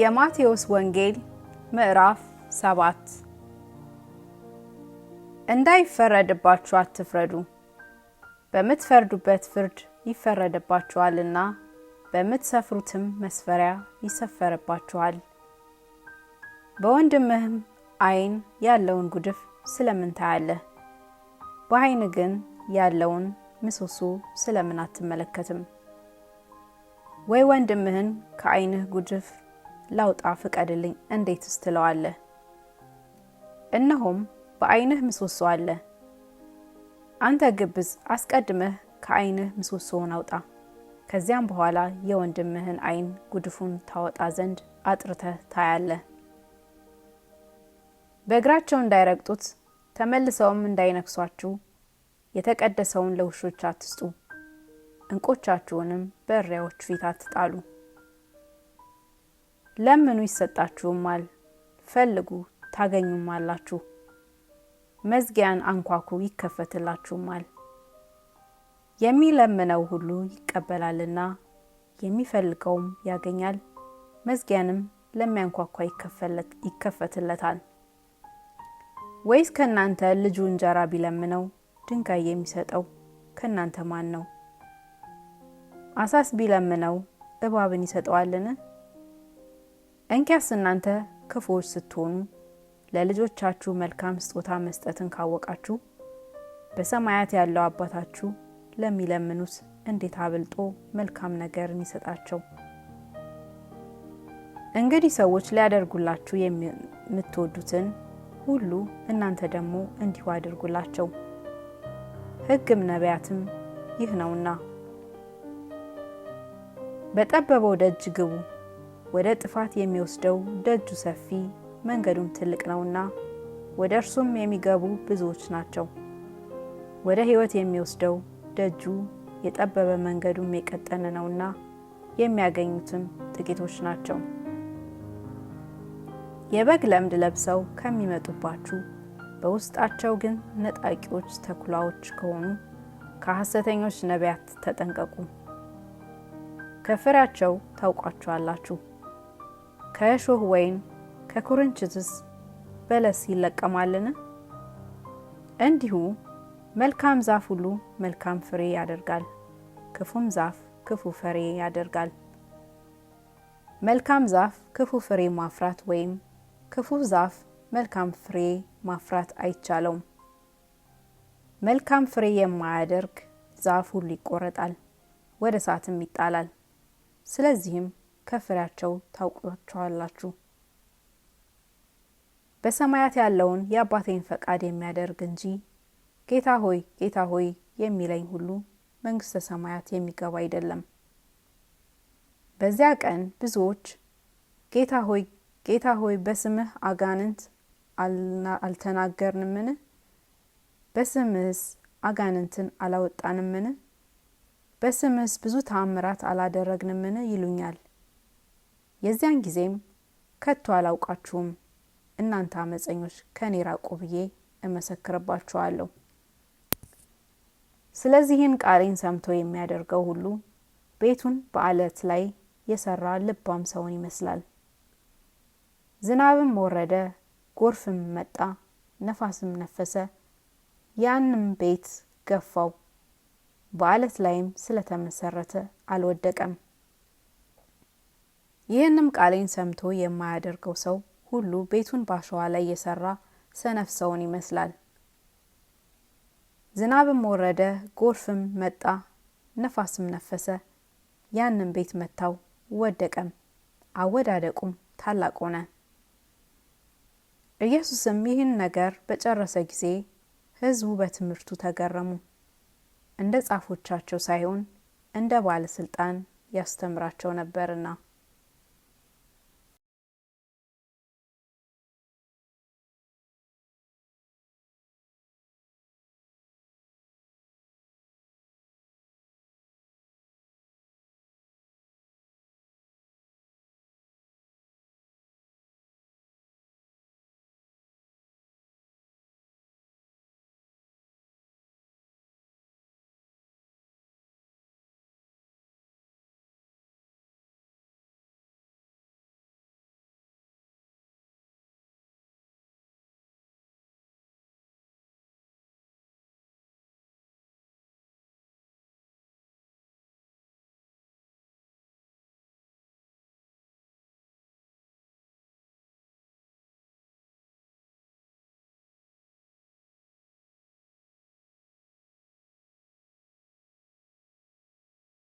የማቴዎስ ወንጌል ምዕራፍ ሰባት እንዳይፈረድባችሁ አትፍረዱ፣ በምትፈርዱበት ፍርድ ይፈረድባችኋልና በምትሰፍሩትም መስፈሪያ ይሰፈርባችኋል። በወንድምህም ዓይን ያለውን ጉድፍ ስለምን ታያለህ? በዓይን ግን ያለውን ምሰሶ ስለምን አትመለከትም? ወይ ወንድምህን ከዓይንህ ጉድፍ ላውጣ ፍቀድልኝ እንዴት ስትለዋለህ? እነሆም በዓይንህ ምሰሶ አለ። አንተ ግብዝ አስቀድመህ ከዓይንህ ምሰሶውን አውጣ፣ ከዚያም በኋላ የወንድምህን ዓይን ጉድፉን ታወጣ ዘንድ አጥርተህ ታያለህ። በእግራቸው እንዳይረግጡት ተመልሰውም እንዳይነክሷችሁ የተቀደሰውን ለውሾች አትስጡ፣ እንቆቻችሁንም በእሪያዎች ፊት አትጣሉ። ለምኑ ይሰጣችሁማል፣ ፈልጉ ታገኙማላችሁ፣ መዝጊያን አንኳኩ ይከፈትላችሁማል። የሚለምነው ሁሉ ይቀበላልና የሚፈልገውም ያገኛል፣ መዝጊያንም ለሚያንኳኳ ይከፈትለታል። ወይስ ከእናንተ ልጁ እንጀራ ቢለምነው ድንጋይ የሚሰጠው ከእናንተ ማን ነው? አሳስ ቢለምነው እባብን ይሰጠዋልን? እንኪያስ እናንተ ክፉዎች ስትሆኑ ለልጆቻችሁ መልካም ስጦታ መስጠትን ካወቃችሁ በሰማያት ያለው አባታችሁ ለሚለምኑት እንዴት አብልጦ መልካም ነገርን ይሰጣቸው። እንግዲህ ሰዎች ሊያደርጉላችሁ የምትወዱትን ሁሉ እናንተ ደግሞ እንዲሁ አድርጉላቸው፣ ህግም ነቢያትም ይህ ነውና። በጠበበው ደጅ ግቡ ወደ ጥፋት የሚወስደው ደጁ ሰፊ መንገዱም ትልቅ ነውና ወደ እርሱም የሚገቡ ብዙዎች ናቸው። ወደ ሕይወት የሚወስደው ደጁ የጠበበ መንገዱም የቀጠነ ነውና የሚያገኙትም ጥቂቶች ናቸው። የበግ ለምድ ለብሰው ከሚመጡባችሁ በውስጣቸው ግን ነጣቂዎች ተኩላዎች ከሆኑ ከሐሰተኞች ነቢያት ተጠንቀቁ። ከፍሬያቸው ታውቋቸዋላችሁ። ከእሾህ ወይን ከኩርንችትስ በለስ ይለቀማልን? እንዲሁ መልካም ዛፍ ሁሉ መልካም ፍሬ ያደርጋል፣ ክፉም ዛፍ ክፉ ፍሬ ያደርጋል። መልካም ዛፍ ክፉ ፍሬ ማፍራት ወይም ክፉ ዛፍ መልካም ፍሬ ማፍራት አይቻለውም። መልካም ፍሬ የማያደርግ ዛፍ ሁሉ ይቆረጣል፣ ወደ እሳትም ይጣላል። ስለዚህም ከፍሬያቸው ታውቋቸዋላችሁ። በሰማያት ያለውን የአባቴን ፈቃድ የሚያደርግ እንጂ ጌታ ሆይ ጌታ ሆይ የሚለኝ ሁሉ መንግስተ ሰማያት የሚገባ አይደለም። በዚያ ቀን ብዙዎች ጌታ ሆይ ጌታ ሆይ በስምህ አጋንንት አልተናገርንምን? በስምህስ አጋንንትን አላወጣንምን? በስምህስ ብዙ ተአምራት አላደረግንምን? ይሉኛል። የዚያን ጊዜም ከቶ አላውቃችሁም እናንተ አመፀኞች ከእኔ ራቁ ብዬ እመሰክርባችኋለሁ። ስለዚህን ቃሌን ሰምቶ የሚያደርገው ሁሉ ቤቱን በአለት ላይ የሰራ ልባም ሰውን ይመስላል። ዝናብም ወረደ፣ ጎርፍም መጣ፣ ነፋስም ነፈሰ፣ ያንም ቤት ገፋው፣ በአለት ላይም ስለተመሰረተ አልወደቀም። ይህንም ቃሌን ሰምቶ የማያደርገው ሰው ሁሉ ቤቱን ባሸዋ ላይ የሰራ ሰነፍ ሰውን ይመስላል። ዝናብም ወረደ፣ ጎርፍም መጣ፣ ነፋስም ነፈሰ፣ ያንም ቤት መታው፣ ወደቀም፣ አወዳደቁም ታላቅ ሆነ። ኢየሱስም ይህን ነገር በጨረሰ ጊዜ ሕዝቡ በትምህርቱ ተገረሙ። እንደ ጻፎቻቸው ሳይሆን እንደ ባለስልጣን ያስተምራቸው ነበርና